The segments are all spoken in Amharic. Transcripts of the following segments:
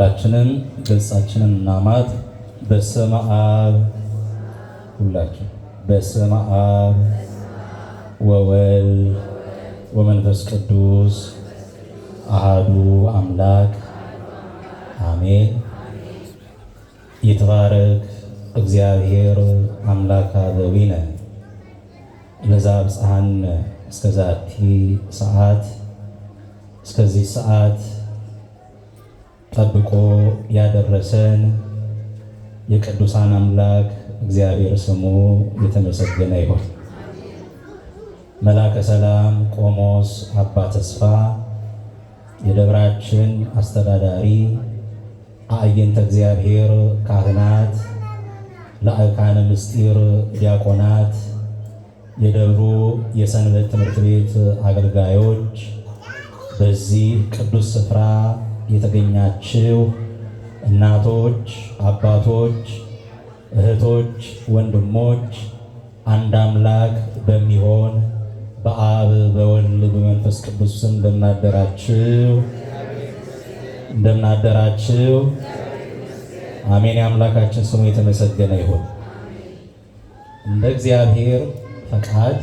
ሁላችንም ገጻችንን እናማት። በስመ አብ ሁላችን በስመ አብ ወወልድ ወመንፈስ ቅዱስ አሃዱ አምላክ አሜን። ይትባረክ እግዚአብሔር አምላከ አበዊነ ለዛብጽሐነ እስከዛቲ ሰዓት እስከዚህ ሰዓት ጠብቆ ያደረሰን የቅዱሳን አምላክ እግዚአብሔር ስሙ የተመሰገነ ይሁን። መላከ ሰላም ቆሞስ አባ ተስፋ የደብራችን አስተዳዳሪ፣ አዕይንተ እግዚአብሔር ካህናት፣ ለአካነ ምስጢር ዲያቆናት፣ የደብሩ የሰንበት ትምህርት ቤት አገልጋዮች በዚህ ቅዱስ ስፍራ የተገኛችው እናቶች፣ አባቶች፣ እህቶች፣ ወንድሞች አንድ አምላክ በሚሆን በአብ በወልድ በመንፈስ ቅዱስ ስም እንደምናደራችው እንደምናደራችው። አሜን። የአምላካችን ስሙ የተመሰገነ ይሁን። እንደ እግዚአብሔር ፈቃድ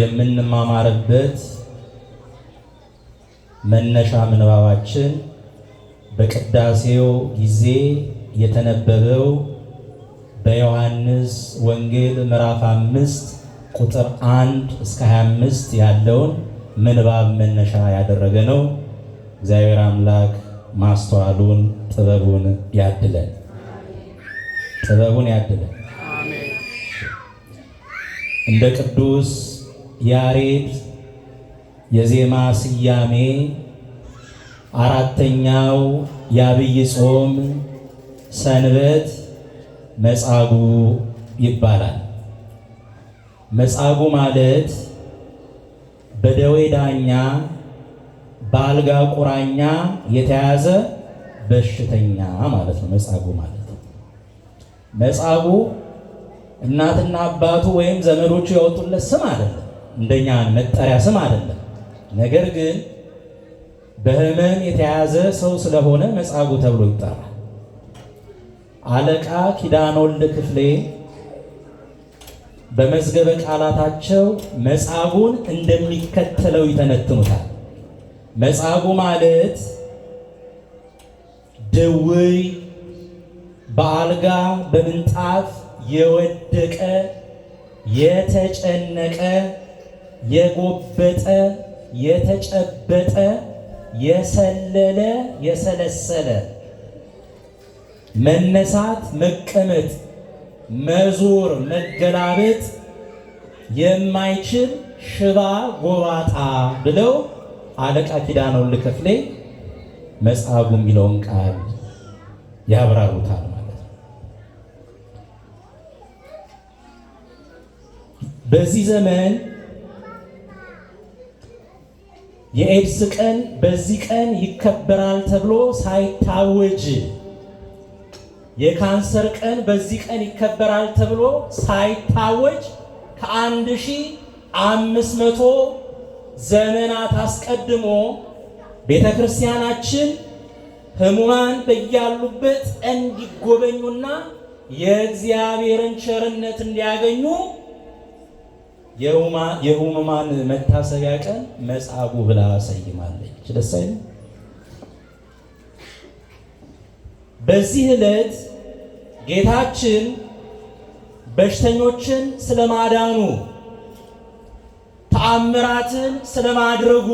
የምንማማርበት መነሻ ምንባባችን በቅዳሴው ጊዜ የተነበበው በዮሐንስ ወንጌል ምዕራፍ አምስት ቁጥር አንድ እስከ 25 ያለውን ምንባብ መነሻ ያደረገ ነው። እግዚአብሔር አምላክ ማስተዋሉን ጥበቡን ያድለን፣ ጥበቡን ያድለን። እንደ ቅዱስ ያሬድ የዜማ ስያሜ አራተኛው የአብይ ጾም ሰንበት መጻጉዕ ይባላል። መጻጉዕ ማለት በደዌ ዳኛ በአልጋ ቁራኛ የተያዘ በሽተኛ ማለት ነው። መጻጉዕ ማለት መጻጉዕ እናትና አባቱ ወይም ዘመዶቹ ያወጡለት ስም አይደለም፣ እንደኛ መጠሪያ ስም አይደለም። ነገር ግን በህመን የተያዘ ሰው ስለሆነ መጻጉዕ ተብሎ ይጠራል። አለቃ ኪዳነወልድ ክፍሌ በመዝገበ ቃላታቸው መጻጉዕን እንደሚከተለው ይተነትኑታል። መጻጉዕ ማለት ድውይ፣ በአልጋ በምንጣፍ የወደቀ፣ የተጨነቀ፣ የጎበጠ የተጨበጠ የሰለለ የሰለሰለ መነሳት፣ መቀመጥ፣ መዞር፣ መገላበጥ የማይችል ሽባ ጎባጣ ብለው አለቃ ኪዳነወልድ ክፍሌ መጽሐፉ የሚለውን ቃል ያብራሩታል ማለት ነው። በዚህ ዘመን የኤድስ ቀን በዚህ ቀን ይከበራል ተብሎ ሳይታወጅ የካንሰር ቀን በዚህ ቀን ይከበራል ተብሎ ሳይታወጅ ከአንድ ሺህ አምስት መቶ ዘመናት አስቀድሞ ቤተ ክርስቲያናችን ሕሙማን በያሉበት እንዲጎበኙና የእግዚአብሔርን ቸርነት እንዲያገኙ የህሙማን መታሰቢያ ቀን መጻጉ ብላ ሰይማለች። ደስ አይልም? በዚህ ዕለት ጌታችን በሽተኞችን ስለማዳኑ ተአምራትን ስለማድረጉ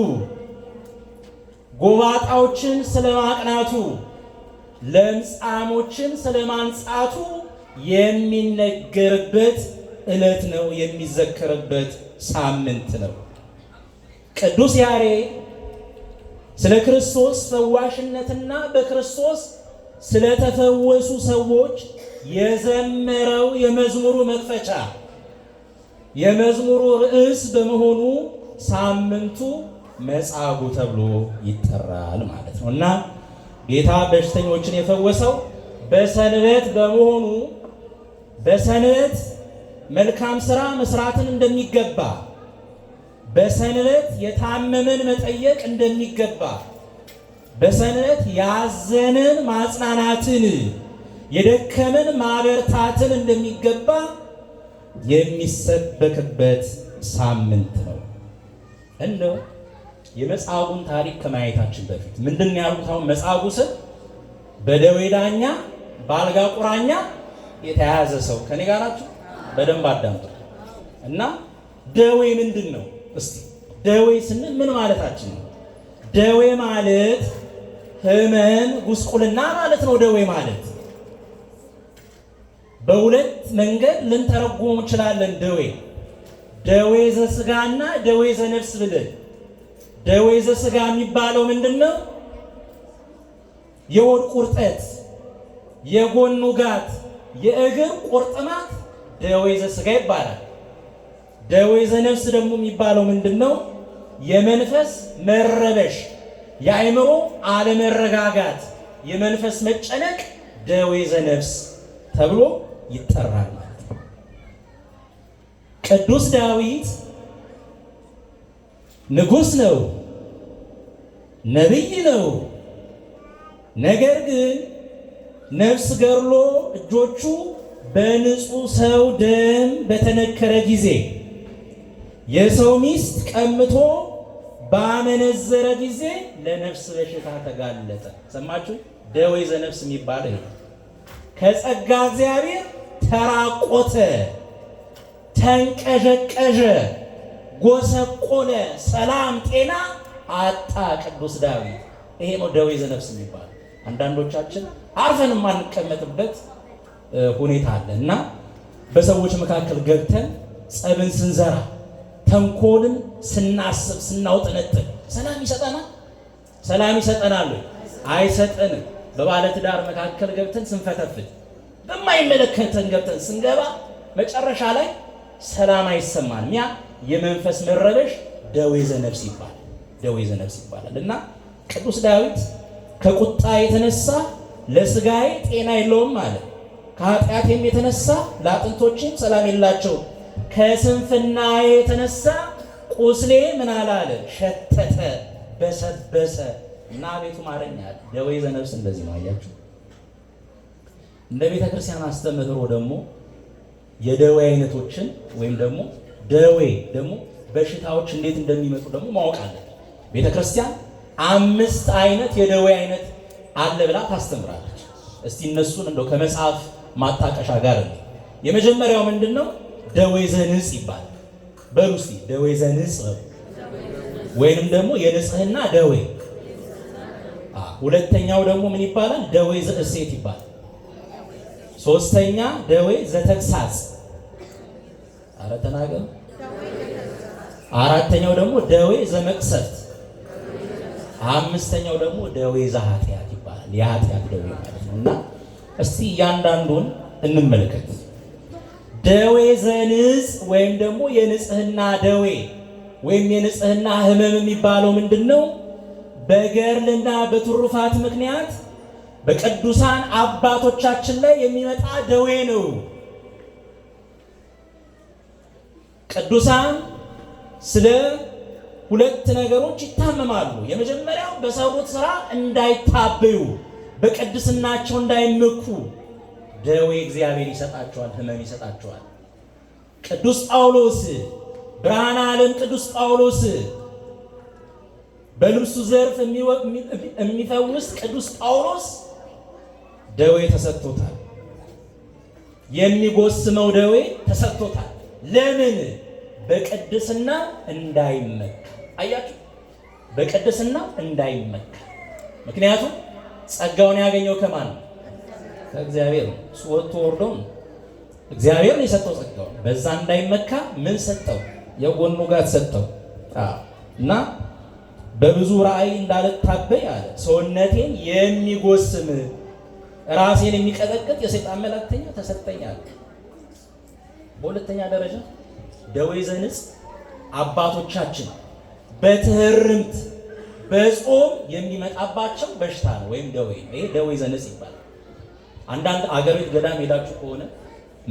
ጎባጣዎችን ስለማቅናቱ ለምጻሞችን ስለማንጻቱ የሚነገርበት ዕለት ነው የሚዘከርበት ሳምንት ነው። ቅዱስ ያሬ ስለ ክርስቶስ ፈዋሽነትና በክርስቶስ ስለተፈወሱ ሰዎች የዘመረው የመዝሙሩ መክፈቻ የመዝሙሩ ርዕስ በመሆኑ ሳምንቱ መጻጉዕ ተብሎ ይጠራል ማለት ነው እና ጌታ በሽተኞችን የፈወሰው በሰንበት በመሆኑ በሰንበት መልካም ስራ መስራትን እንደሚገባ፣ በሰንበት የታመመን መጠየቅ እንደሚገባ፣ በሰንበት ያዘንን ማጽናናትን፣ የደከመን ማበርታትን እንደሚገባ የሚሰበክበት ሳምንት ነው። እንደው የመጻጉዕን ታሪክ ከማየታችን በፊት ምንድን ያሉት አሁን መጻጉዕ ስል በደዌ ዳኛ በአልጋ ቁራኛ የተያያዘ ሰው ከኔ ጋር ናችሁ። በደንብ አዳምጡ እና ደዌ ምንድን ነው? እስቲ ደዌ ስንል ምን ማለታችን ነው? ደዌ ማለት ህመም፣ ጉስቁልና ማለት ነው። ደዌ ማለት በሁለት መንገድ ልንተረጉሙ እንችላለን። ደዌ ደዌ ዘስጋ እና ደዌ ዘነፍስ ብለን ደዌ ዘስጋ የሚባለው ምንድን ነው? የሆድ ቁርጠት፣ የጎን ውጋት፣ የእግር ቁርጥማት ደዌዘ ስጋ ይባላል። ደዌዘ ነፍስ ደግሞ የሚባለው ምንድን ነው? የመንፈስ መረበሽ፣ የአእምሮ አለመረጋጋት፣ የመንፈስ መጨነቅ ደዌዘ ነፍስ ተብሎ ይጠራል ቅዱስ ዳዊት ንጉሥ ነው፣ ነቢይ ነው። ነገር ግን ነፍስ ገርሎ እጆቹ በንጹህ ሰው ደም በተነከረ ጊዜ የሰው ሚስት ቀምቶ ባመነዘረ ጊዜ ለነፍስ በሽታ ተጋለጠ። ሰማችሁ? ደዌ ዘነፍስ የሚባለው ይሄ ከጸጋ እግዚአብሔር ተራቆተ፣ ተንቀዠቀዠ፣ ጎሰቆለ፣ ሰላም ጤና አጣ። ቅዱስ ዳዊት ይሄ ነው ደዌ ዘነፍስ የሚባለው። አንዳንዶቻችን አርፈን የማንቀመጥበት ሁኔታ አለ እና በሰዎች መካከል ገብተን ጸብን ስንዘራ፣ ተንኮልን ስናስብ፣ ስናውጠነጥን ሰላም ይሰጠናል? ሰላም ይሰጠናል? አይሰጠንም። በባለትዳር መካከል ገብተን ስንፈተፍት፣ በማይመለከተን ገብተን ስንገባ መጨረሻ ላይ ሰላም አይሰማንም። ያ የመንፈስ መረበሽ ደዌ ዘነፍስ ይባላል። ደዌ ዘነፍስ ይባላል እና ቅዱስ ዳዊት ከቁጣ የተነሳ ለስጋዬ ጤና የለውም ማለት ከኃጢአቴም የተነሳ ለአጥንቶችም ሰላም የላቸው። ከስንፍና የተነሳ ቁስሌ ምን አላለ ሸተተ፣ በሰበሰ እና ቤቱ ማረኛ ደዌ እንደዚህ ነው። አያችሁ፣ እንደ ቤተ ክርስቲያን አስተምህሮ ደግሞ የደዌ አይነቶችን ወይም ደግሞ ደዌ ደግሞ በሽታዎች እንዴት እንደሚመጡ ደግሞ ማወቅ አለ። ቤተ ክርስቲያን አምስት አይነት የደዌ አይነት አለ ብላ ታስተምራለች። እስቲ እነሱን እንደው ከመጽሐፍ ማጣቀሻ ጋር ነው። የመጀመሪያው ምንድን ነው? ደዌ ዘንጽ ይባላል። በሩሲ ደዌ ዘንጽ ወይንም ደግሞ የንጽህና ደዌ። ሁለተኛው ደግሞ ምን ይባላል? ደዌ ዘእሴት ይባላል። ሶስተኛ ደዌ ዘተግሳጽ አረ ተናገር። አራተኛው ደግሞ ደዌ ዘመቅሰፍት፣ አምስተኛው ደግሞ ደዌ ዘኃጢአት ይባላል። የኃጢአት ደዌ ማለት ነው እና እስቲ እያንዳንዱን እንመልከት። ደዌ ዘንጽ ወይም ደግሞ የንጽህና ደዌ ወይም የንጽህና ህመም የሚባለው ምንድን ነው? በገርልና በትሩፋት ምክንያት በቅዱሳን አባቶቻችን ላይ የሚመጣ ደዌ ነው። ቅዱሳን ስለ ሁለት ነገሮች ይታመማሉ። የመጀመሪያው በሰሩት ስራ እንዳይታበዩ በቅድስናቸው እንዳይመኩ ደዌ እግዚአብሔር ይሰጣቸዋል፣ ህመም ይሰጣቸዋል። ቅዱስ ጳውሎስ ብርሃን ዓለም ቅዱስ ጳውሎስ በልብሱ ዘርፍ የሚፈውስ ቅዱስ ጳውሎስ ደዌ ተሰጥቶታል። የሚጎስመው ደዌ ተሰጥቶታል። ለምን? በቅድስና እንዳይመካ። አያችሁ፣ በቅድስና እንዳይመካ ምክንያቱም ጸጋውን ያገኘው ከማን ከእግዚአብሔር ነው። ወጥቶ ወርዶ እግዚአብሔር ነው የሰጠው ጸጋው በዛ እንዳይመካ ምን ሰጠው? የጎኑ ጋር ሰጠው እና በብዙ ራእይ እንዳልታበይ አለ። ሰውነቴን የሚጎስም ራሴን የሚቀጠቅጥ የሰይጣን መላእክተኛ ተሰጠኛል። በሁለተኛ ደረጃ ደዌ ዘንጽ አባቶቻችን በትህርምት በጾም የሚመጣባቸው በሽታ ነው ወይም ደዌ ነው። ይሄ ደዌ ዘነስ ይባላል። አንዳንድ አገር ቤት ገዳም ሄዳችሁ ከሆነ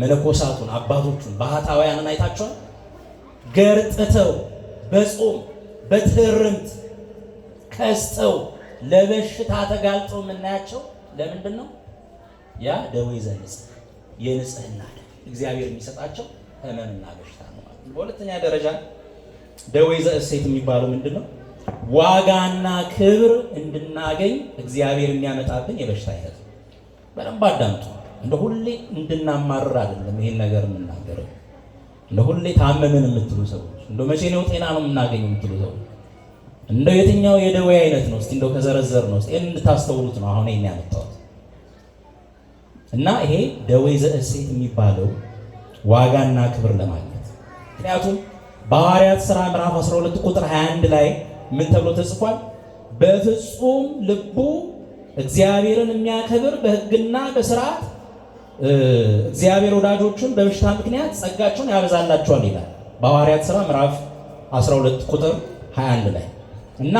መነኮሳቱን አባቶቹን ባህታውያንን አይታችኋል። ገርጥተው በጾም በትርምት ከስተው ለበሽታ ተጋልጠው የምናያቸው ለምንድን ነው? ያ ደዌ ዘነጽ የንጽህና እግዚአብሔር የሚሰጣቸው ህመምና በሽታ ነው። በሁለተኛ ደረጃ ደዌ ዘእሴት የሚባለው ምንድን ነው? ዋጋና ክብር እንድናገኝ እግዚአብሔር የሚያመጣብን የበሽታ አይነት ነው። በደንብ አዳምጡ። እንደ ሁሌ እንድናማርር አይደለም ይሄን ነገር የምናገረው። እንደ ሁሌ ታመምን የምትሉ ሰዎች፣ እንደ መቼ ነው ጤና ነው የምናገኝ የምትሉ ሰዎች፣ እንደው የትኛው የደዌ አይነት ነው እስቲ እንደው ከዘረዘር ነው እስቲ እንድታስተውሉት ነው አሁን የሚያመጣት እና ይሄ ደዌ ዘእሴት የሚባለው ዋጋና ክብር ለማግኘት ምክንያቱም በሐዋርያት ሥራ ምዕራፍ 12 ቁጥር 21 ላይ ምን ተብሎ ተጽፏል? በፍጹም ልቡ እግዚአብሔርን የሚያከብር በሕግና በስርዓት እግዚአብሔር ወዳጆቹን በበሽታ ምክንያት ጸጋቸውን ያበዛላቸዋል ይላል በሐዋርያት ሥራ ምዕራፍ 12 ቁጥር 21 ላይ እና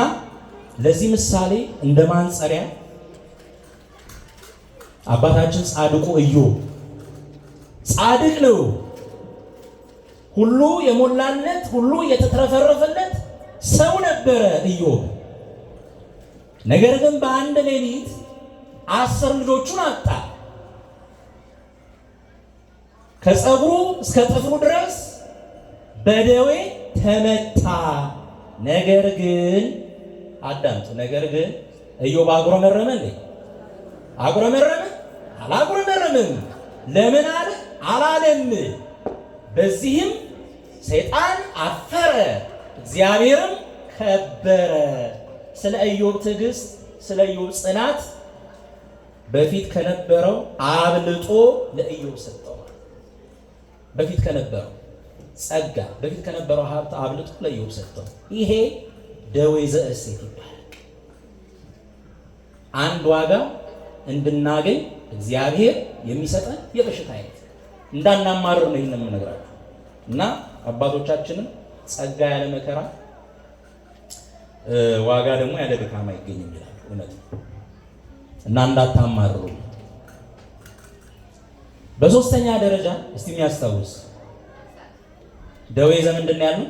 ለዚህ ምሳሌ እንደ ማንጸሪያ አባታችን ጻድቁ እዮ? ጻድቅ ነው፣ ሁሉ የሞላለት ሁሉ የተትረፈረፈለት ሰው ነበረ ኢዮብ። ነገር ግን በአንድ ሌሊት አስር ልጆቹን አጣ። ከፀጉሩ እስከ ጥፍሩ ድረስ በደዌ ተመታ። ነገር ግን አዳምጡ፣ ነገር ግን ኢዮብ አጉረመረመ እንዴ? አጉረመረመ? አላጉረመረምም። ለምን አለ አላለም። በዚህም ሰይጣን አፈረ። እግዚአብሔርም ከበረ። ስለ ኢዮብ ትዕግስት፣ ስለ ኢዮብ ጽናት በፊት ከነበረው አብልጦ ለኢዮብ ሰጠው። በፊት ከነበረው ጸጋ፣ በፊት ከነበረው ሀብት አብልጦ ለኢዮብ ሰጠው። ይሄ ደዌ ዘእሴት ይባላል። አንድ ዋጋ እንድናገኝ እግዚአብሔር የሚሰጠን የበሽታ አይነት እንዳናማርር ነው። ይህን የምነግራችሁ እና አባቶቻችንም ጸጋ ያለ መከራ ዋጋ ደግሞ ያለ ድካም አይገኝም ይላል እውነት እና እንዳታማርሩ። በሶስተኛ ደረጃ እስቲ የሚያስታውስ ደዌ ዘ ምንድን ያሉ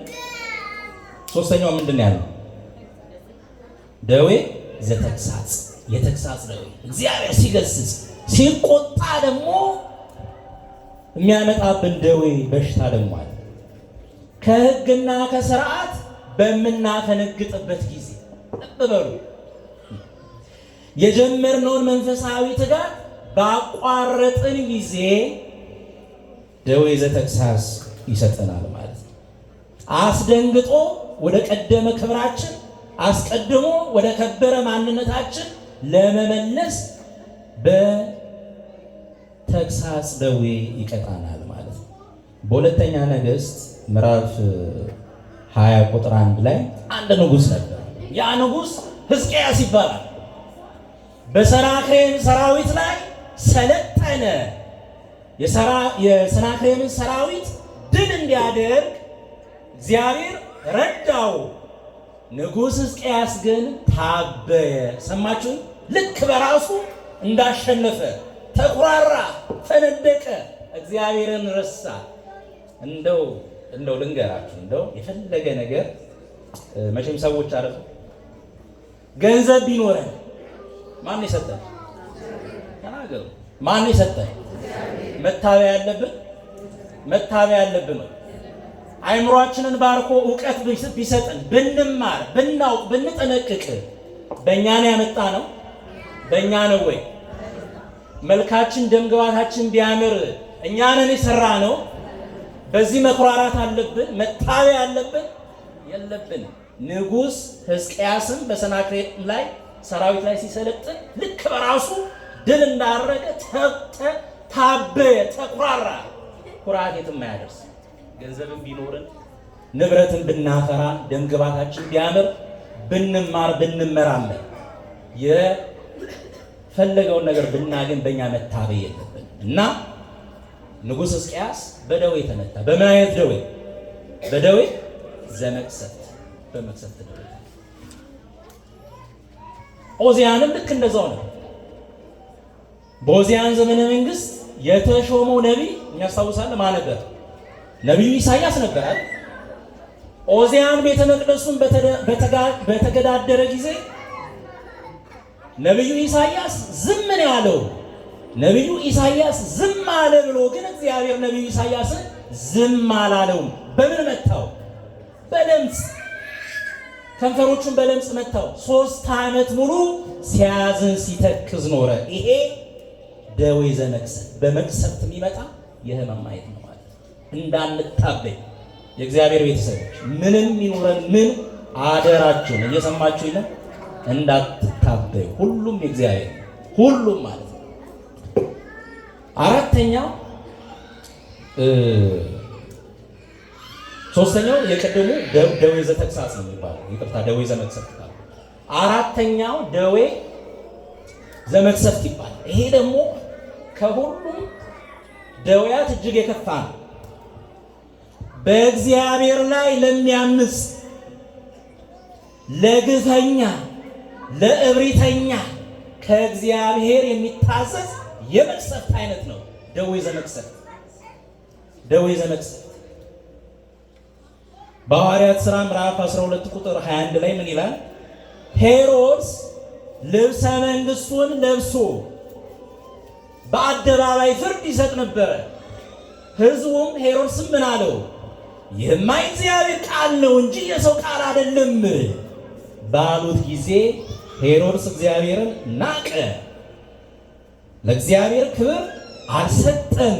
ሶስተኛው ምንድን ያሉ ደዌ ዘተግሳጽ የተግሳጽ ደዌ እግዚአብሔር ሲገስጽ ሲቆጣ ደግሞ የሚያመጣብን ደዌ በሽታ ደግሞ አለ። ከህግና ከስርዓት በምናፈነግጥበት ጊዜ ጥብ በሉ የጀመርነውን መንፈሳዊ ትጋት ባቋረጥን ጊዜ ደዌ ዘተግሳስ ይሰጠናል ማለት ነው። አስደንግጦ ወደ ቀደመ ክብራችን አስቀድሞ ወደ ከበረ ማንነታችን ለመመለስ በተግሳጽ ደዌ ይቀጣናል ማለት ነው። በሁለተኛ ነገሥት ምዕራፍ 20 ቁጥር 1 ላይ አንድ ንጉስ ነበር። ያ ንጉስ ሕዝቅያስ ይባላል። በሰናክሬም ሰራዊት ላይ ሰለጠነ። የሰናክሬም ሰራዊት ድል እንዲያደርግ እግዚአብሔር ረዳው። ንጉስ ሕዝቅያስ ግን ታበየ። ሰማችሁ? ልክ በራሱ እንዳሸነፈ ተኩራራ፣ ፈነደቀ፣ እግዚአብሔርን ረሳ። እንደው እንደው ልንገራችሁ፣ እንደው የፈለገ ነገር መቼም ሰዎች አረፉ። ገንዘብ ቢኖረን ማን የሰጠን? ተናገሩ። ማን የሰጠን? መታበያ ያለብን መታበያ ያለብን አይምሯችንን ባርኮ እውቀት ቢሰጠን ብንማር፣ ብናውቅ፣ ብንጠነቅቅ በእኛ ነው ያመጣ ነው በእኛ ነው ወይ መልካችን ደምግባታችን ቢያምር እኛንን የሰራ ነው በዚህ መኩራራት አለብን፣ መታበያ አለብን የለብን። ንጉሥ ሕዝቅያስም በሰናክሬም ላይ ሰራዊት ላይ ሲሰለጥን ልክ በራሱ ድል እንዳረገ ታበየ፣ ተኩራራ። ኩራት የትም አያደርስ። ገንዘብን ቢኖርን ንብረትን ብናፈራ ደምግባታችን ቢያምር ብንማር ብንመራመር የፈለገውን ነገር ብናገኝ በእኛ መታበይ የለብን እና ንጉሥ ሕዝቅያስ በደዌ ተመታ። በምን አይነት ደዌ? በደዌ ዘመቅሰፍት፣ በመቅሰፍት ደዌ። ኦዚያንም ልክ እንደዛው ነው። በኦዚያን ዘመነ መንግስት የተሾመው ነቢይ የሚያስታውሳል ማን ነበር? ነቢዩ ኢሳያስ ነበራል። ኦዚያን ቤተ መቅደሱን በተገዳደረ ጊዜ ነቢዩ ኢሳያስ ዝምን ያለው ነቢዩ ኢሳያስ ዝም አለ ብሎ ግን እግዚአብሔር ነቢዩ ኢሳያስን ዝም አላለውም። በምን መታው? በለምጽ ከንፈሮቹን በለምጽ መታው። ሶስት ዓመት ሙሉ ሲያዝን ሲተክዝ ኖረ። ይሄ ደዌ ዘመቅሰፍት በመቅሰፍት የሚመጣ የህመም ማየት ነው ማለት እንዳንጣበኝ የእግዚአብሔር ቤተሰቦች ምንም ይኑረን ምን አደራችሁ ነው እየሰማችሁ ይለ እንዳትታበዩ ሁሉም የእግዚአብሔር ሁሉም ማለት አራተኛው ሶስተኛው የቀደሙ ደዌ ዘተግሳጽ ነው የሚባለው። ይቅርታ ደዌ ዘመቅሰፍት ይባላል። አራተኛው ደዌ ዘመቅሰፍት ይባላል። ይሄ ደግሞ ከሁሉም ደዌያት እጅግ የከፋ ነው። በእግዚአብሔር ላይ ለሚያምፅ ለግፈኛ፣ ለእብሪተኛ ከእግዚአብሔር የሚታዘዝ የመቅሰፍት አይነት ነው። ደዌ ዘመቅሰፍት ደዌ ዘመቅሰፍት በሐዋርያት ሥራ ምዕራፍ 12 ቁጥር 21 ላይ ምን ይላል? ሄሮድስ ልብሰ መንግስቱን ለብሶ በአደባባይ ፍርድ ይሰጥ ነበረ። ህዝቡም ሄሮድስም ምን አለው? ይህማ ቃል ነው እንጂ የሰው ቃል አይደለም ባሉት ጊዜ ሄሮድስ እግዚአብሔርን ናቀ። ለእግዚአብሔር ክብር አልሰጠን።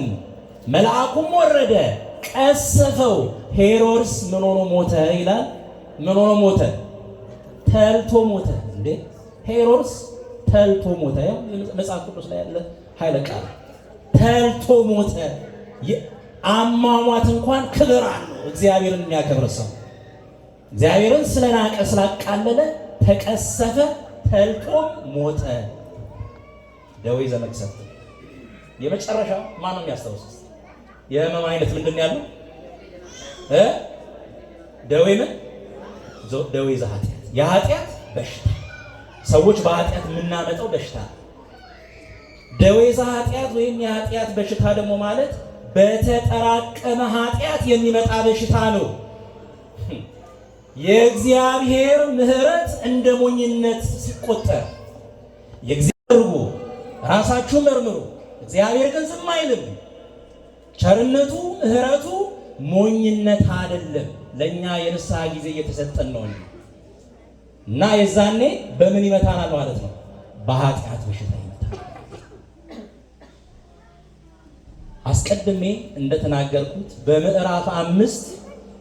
መልአኩም ወረደ ቀሰፈው። ሄሮድስ ምን ሆኖ ሞተ ይላል። ምን ሆኖ ሞተ? ተልቶ ሞተ። እንዴ ሄሮድስ ተልቶ ሞተ። መጽሐፍ ቅዱስ ላይ ያለ ኃይለ ቃል ተልቶ ሞተ። አሟሟት እንኳን ክብር አለው። እግዚአብሔርን የሚያከብር ሰው እግዚአብሔርን ስለናቀ ስላቃለለ ተቀሰፈ፣ ተልቶ ሞተ። ደዌ ዘመቅሰፍት። የመጨረሻ ማንም ያስታውሳል። የህመም አይነት ምንድን ነው ያለው? ደዌ ምን? ደዌ ዘኃጢአት፣ የኃጢአት በሽታ። ሰዎች በኃጢአት የምናመጠው በሽታ ደዌ ዘኃጢአት ወይም የኃጢአት በሽታ ደግሞ ማለት በተጠራቀመ ኃጢአት የሚመጣ በሽታ ነው። የእግዚአብሔር ምሕረት እንደ ሞኝነት ሲቆጠር የእግዚአብሔር ራሳችሁ መርምሩ። እግዚአብሔር ግን ዝም አይልም። ቸርነቱ ምሕረቱ ሞኝነት አይደለም። ለእኛ የንስሐ ጊዜ እየተሰጠን ነው እና የዛኔ በምን ይመታናል ማለት ነው? በኃጢአት በሽታ ይመታል። አስቀድሜ እንደተናገርኩት በምዕራፍ አምስት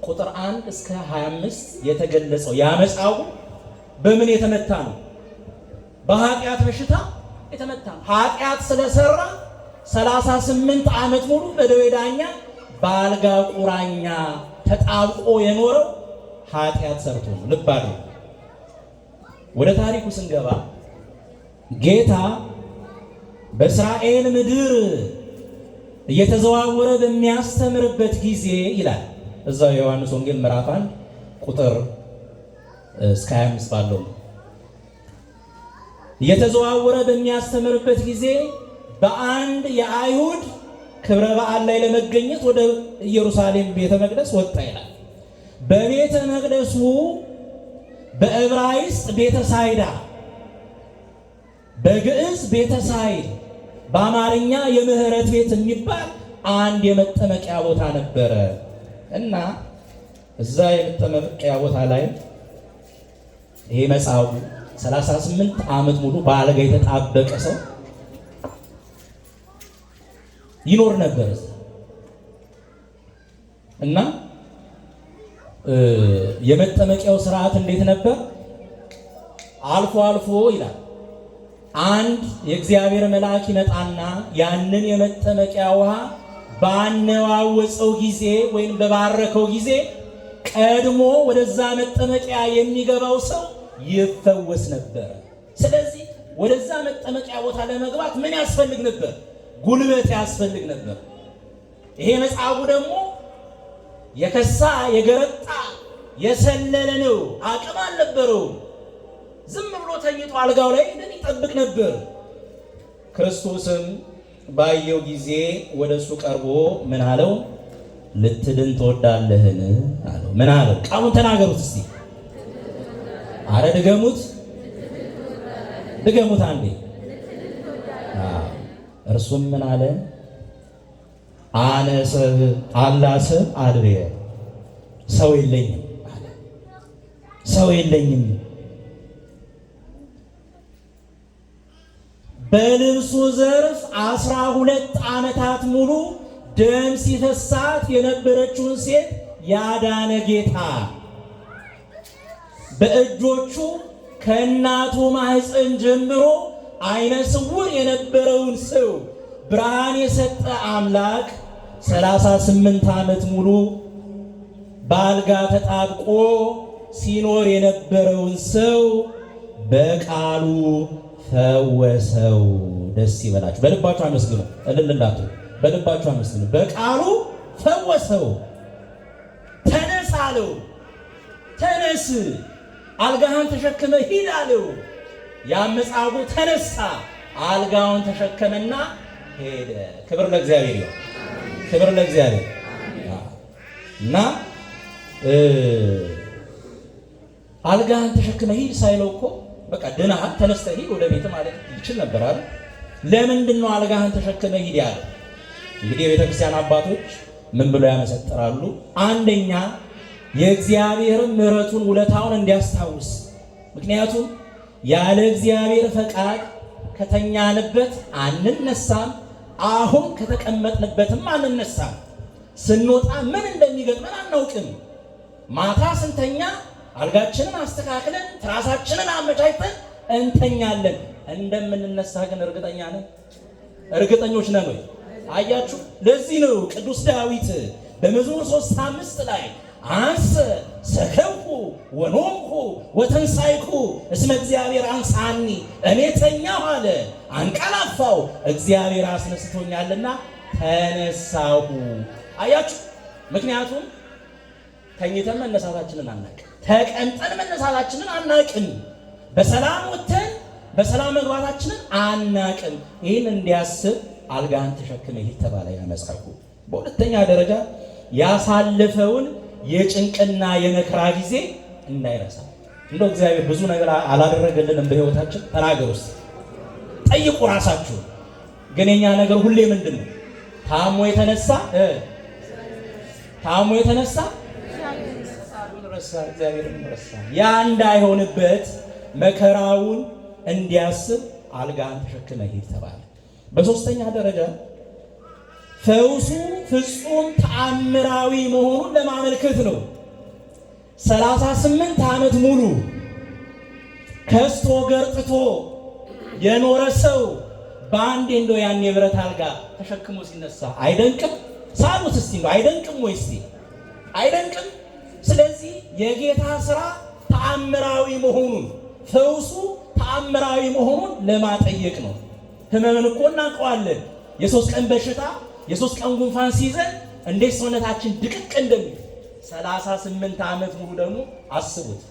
ቁጥር አንድ እስከ 25 የተገለጸው የአመፃው በምን የተመታ ነው? በኃጢአት በሽታ የተመታ ኃጢአት ስለሰራ ሰላሳ ስምንት ዓመት ሙሉ በደዌ ዳኛ በአልጋ ቁራኛ ተጣብቆ የኖረው ኃጢአት ሰርቶ ነው። ልብ አድርጉ። ወደ ታሪኩ ስንገባ ጌታ በእስራኤል ምድር እየተዘዋወረ በሚያስተምርበት ጊዜ ይላል እዛው የዮሐንስ ወንጌል ምዕራፍ አንድ ቁጥር እስከ 25 ባለው እየተዘዋወረ በሚያስተምርበት ጊዜ በአንድ የአይሁድ ክብረ በዓል ላይ ለመገኘት ወደ ኢየሩሳሌም ቤተ መቅደስ ወጣ ይላል። በቤተ መቅደሱ በዕብራይስጥ ቤተ ሳይዳ፣ በግዕዝ ቤተ ሳይድ፣ በአማርኛ የምህረት ቤት የሚባል አንድ የመጠመቂያ ቦታ ነበረ እና እዛ የመጠመቂያ ቦታ ላይ ይሄ መጽሐፉ ሰላሳ 38 ዓመት ሙሉ በአልጋ የተጣበቀ ሰው ይኖር ነበር እና የመጠመቂያው ስርዓት እንዴት ነበር? አልፎ አልፎ ይላል አንድ የእግዚአብሔር መልአክ ይመጣና ያንን የመጠመቂያ ውሃ ባነዋወፀው ጊዜ ወይም በባረከው ጊዜ ቀድሞ ወደዛ መጠመቂያ የሚገባው ሰው ይፈወስ ነበር። ስለዚህ ወደዛ መጠመቂያ ቦታ ለመግባት ምን ያስፈልግ ነበር? ጉልበት ያስፈልግ ነበር። ይሄ መጽሐፉ ደግሞ የከሳ የገረጣ የሰለለ ነው። አቅም አልነበረውም። ዝም ብሎ ተኝቶ አልጋው ላይ ምን ይጠብቅ ነበር? ክርስቶስም ባየው ጊዜ ወደ እሱ ቀርቦ ምን አለው? ልትድን ትወዳለህን? አለው። ምን አለው? ቃሉን ተናገሩት እስቲ አረ ድገሙት፣ ድገሙት አንዴ። እርሱም ምን አለ? አነ ሰብ አላ ሰብ አልብየ ሰው የለኝም ሰው የለኝም። በልብሱ ዘርፍ አስራ ሁለት ዓመታት ሙሉ ደም ሲፈሳት የነበረችውን ሴት ያዳነ ጌታ በእጆቹ ከእናቱ ማህፀን ጀምሮ አይነ ስውር የነበረውን ሰው ብርሃን የሰጠ አምላክ 38 ስምንት ዓመት ሙሉ በአልጋ ተጣብቆ ሲኖር የነበረውን ሰው በቃሉ ፈወሰው። ደስ ይበላችሁ። በልባችሁ አመስግኑ። እልልላቱ በልባችሁ አመስግኑ። በቃሉ ፈወሰው። ተነስ አለው። ተነስ አልጋህን ተሸክመ ሂድ አለው። ያመጻጉ ተነሳ፣ አልጋውን ተሸከመና ሄደ። ክብር ለእግዚአብሔር ይሁን። ክብር ለእግዚአብሔር እና አልጋህን ተሸክመ ሂድ ሳይለው እኮ በቃ ድናሃል፣ ተነስተ ሂድ ወደ ቤት ማለት ይችል ነበር አለ። ለምንድን ነው አልጋህን ተሸክመ ሂድ ያለው? እንግዲህ የቤተክርስቲያን አባቶች ምን ብለው ያመሰጥራሉ? አንደኛ የእግዚአብሔርን ምሕረቱን ውለታውን እንዲያስታውስ። ምክንያቱም ያለ እግዚአብሔር ፈቃድ ከተኛንበት አንነሳም፣ አሁን ከተቀመጥንበትም አንነሳም። ስንወጣ ምን እንደሚገጥመን አናውቅም። ማታ ስንተኛ አልጋችንን አስተካክለን ትራሳችንን አመቻችተን እንተኛለን። እንደምንነሳ ግን እርግጠኛ ነን? እርግጠኞች ነን ወይ? አያችሁ፣ ለዚህ ነው ቅዱስ ዳዊት በመዝሙር ሶስት አምስት ላይ አንሰ ሰከብኩ ወኖምኩ ወተንሳይኩ እስመ እግዚአብሔር አንሳኒ፣ እኔ ተኛሁ አለ አንቀላፋው፣ እግዚአብሔር አስነስቶኛልና ተነሳሁ። አያችሁ፣ ምክንያቱም ተኝተን መነሳታችንን አናቅም፣ ተቀምጠን መነሳታችንን አናቅም፣ በሰላም ወተን በሰላም መግባታችንን አናቅም። ይህን እንዲያስብ አልጋን ተሸክመ ይህ ተባለ። በሁለተኛ ደረጃ ያሳለፈውን የጭንቅና የመከራ ጊዜ እንዳይረሳ። እንደው እግዚአብሔር ብዙ ነገር አላደረገልንም በህይወታችን? ተናገር ውስጥ ጠይቁ ራሳችሁ። ግን የኛ ነገር ሁሌ ምንድን ነው? ታሞ የተነሳ ታሞ የተነሳ ያ እንዳይሆንበት መከራውን እንዲያስብ አልጋን ተሸክመ ሂድ ተባለ። በሶስተኛ ደረጃ ፈውሱ ፍጹም ተአምራዊ መሆኑን ለማመልከት ነው። ሰላሳ ስምንት ዓመት ሙሉ ከስቶ ገርጥቶ የኖረ ሰው በአንዴ እንደው ያን የብረት አልጋ ተሸክሞ ሲነሳ አይደንቅም? ሳሉት እስቲ ነው አይደንቅም ወይ? እስቲ አይደንቅም? ስለዚህ የጌታ ስራ ተአምራዊ መሆኑን ፈውሱ ተአምራዊ መሆኑን ለማጠየቅ ነው። ህመምን እኮ እናውቀዋለን። የሶስት ቀን በሽታ የሶስት ቀን ጉንፋን ሲይዘን እንዴት ሰውነታችን ድቅቅ እንደሚል ሰላሳ ስምንት ዓመት ሙሉ ደግሞ አስቡት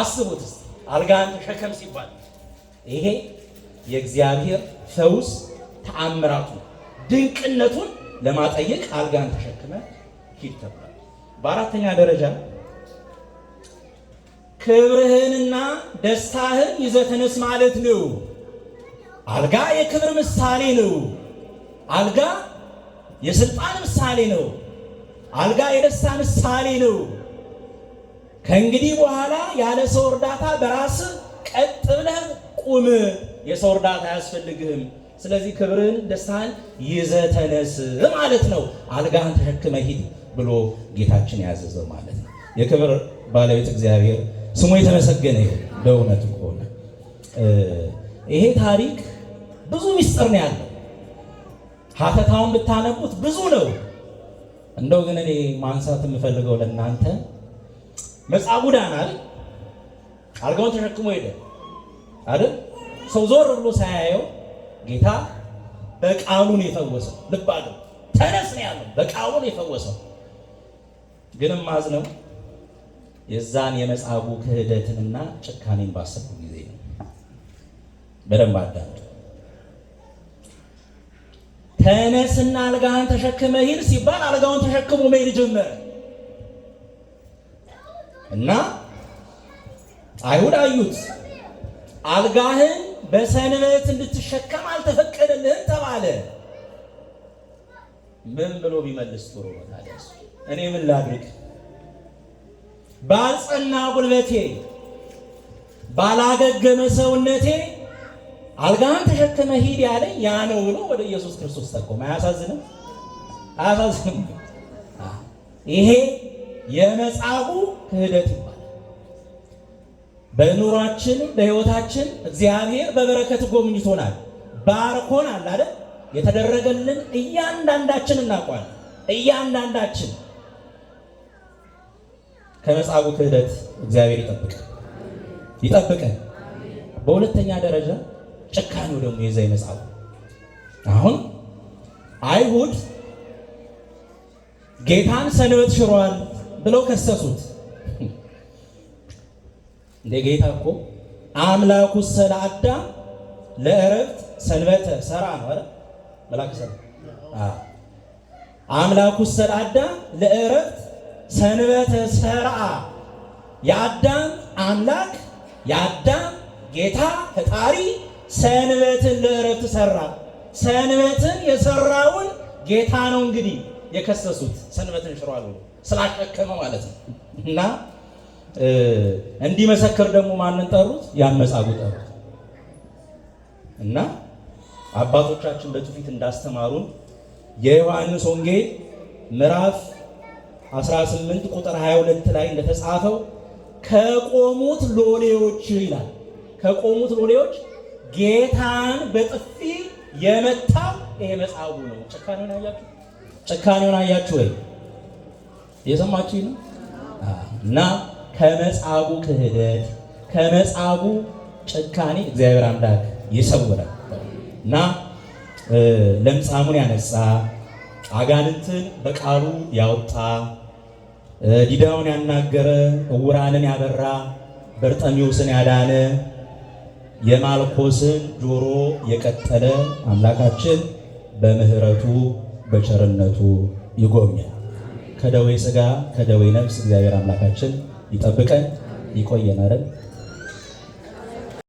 አስቡት አልጋን ተሸከም ሲባል ይሄ የእግዚአብሔር ፈውስ ተአምራቱ ድንቅነቱን ለማጠየቅ አልጋን ተሸክመ ሂድ ተብሏል። በአራተኛ ደረጃ ክብርህንና ደስታህን ይዘህ ማለት ነው። አልጋ የክብር ምሳሌ ነው። አልጋ የስልጣን ምሳሌ ነው። አልጋ የደስታ ምሳሌ ነው። ከእንግዲህ በኋላ ያለ ሰው እርዳታ በራስ ቀጥ ብለህ ቁም። የሰው እርዳታ አያስፈልግህም። ስለዚህ ክብርን ደስታን ይዘህ ተነስ ማለት ነው። አልጋህን ተሸክመህ ሂድ ብሎ ጌታችን ያዘዘው ማለት ነው። የክብር ባለቤት እግዚአብሔር ስሙ የተመሰገነ ይሁን። በእውነቱ ከሆነ ይሄ ታሪክ ብዙ ሚስጥር ነው ያለው። ሀተታውን ብታነቡት ብዙ ነው። እንደው ግን እኔ ማንሳት የምፈልገው ለእናንተ መጻጉዕ ዳነ አይደል? አልጋውን ተሸክሞ ሄደ አይደል? ሰው ዞር ብሎ ሳያየው ጌታ በቃሉን የፈወሰው ልብ አለው። ተነስ ነው ያለው፣ በቃሉን የፈወሰው ግንም ማዝ ነው የዛን የመጻጉዕ ክህደትንና ጭካኔን ባሰብኩ ጊዜ ነው። በደንብ አዳምጡ። ተነስና አልጋህን ተሸክመ ሂድ ሲባል አልጋውን ተሸክሞ መሄድ ጀመረ እና አይሁድ አዩት። አልጋህን በሰንበት እንድትሸከም አልተፈቀደልህም ተባለ። ምን ብሎ ቢመልስ ጥሩ ነው እኔ ምን ላድርግ? ባልጸና ጉልበቴ ባላገገመ ሰውነቴ አልጋን ተሸክመ ሂድ ያለኝ ያ ነው ብሎ ወደ ኢየሱስ ክርስቶስ ጠቆመ። አያሳዝንም? አያሳዝንም? ይሄ የመጽሐፉ ክህደት ይባላል። በኑሯችን በህይወታችን እግዚአብሔር በበረከት ጎብኝቶናል፣ ባርኮናል አለ የተደረገልን እያንዳንዳችን እናውቋል። እያንዳንዳችን ከመጽሐፉ ክህደት እግዚአብሔር ይጠብቅ ይጠብቀን። በሁለተኛ ደረጃ ጭካኔው ደግሞ የዛ ይመጻው። አሁን አይሁድ ጌታን ሰንበት ሽሯል ብለው ከሰሱት። እንደ ጌታ እኮ አምላኩ ሰለ አዳም ለእረፍት ሰንበተ ሰራ ነው አይደል? መላክ ሰራ አምላኩ ሰለ አዳም ለእረፍት ሰንበተ ሰራ የአዳም አምላክ የአዳም ጌታ ፈጣሪ ሰንበትን ለእረፍት ሰራ። ሰንበትን የሰራውን ጌታ ነው እንግዲህ የከሰሱት ሰንበትን ሽሯል ብሎ ስላሸከመ ማለት ነው። እና እንዲመሰክር ደግሞ ማንን ጠሩት? ያመጻጉ ጠሩት። እና አባቶቻችን በትውፊት እንዳስተማሩን የዮሐንስ ወንጌል ምዕራፍ 18 ቁጥር 22 ላይ እንደተጻፈው ከቆሙት ሎሌዎች ይላል ከቆሙት ሎሌዎች ጌታን በጥፊ የመታው ይሄ መጽሐፉ ነው። ጭካኔውን አያችሁ? ጭካኔውን አያችሁ ወይ? የሰማችሁ ነው። እና ከመጽሐፉ ክህደት ከመጽሐፉ ጭካኔ እግዚአብሔር አምላክ ይሰውራል። እና ለምጻሙን ያነጻ፣ አጋንንትን በቃሉ ያወጣ፣ ዲዳውን ያናገረ፣ እውራንን ያበራ፣ በርጠሚውስን ያዳነ የማልኮስን ጆሮ የቀጠለ አምላካችን በምሕረቱ በቸርነቱ ይጎብኛል። ከደዌ ሥጋ ከደዌ ነፍስ እግዚአብሔር አምላካችን ይጠብቀን ይቆየናል።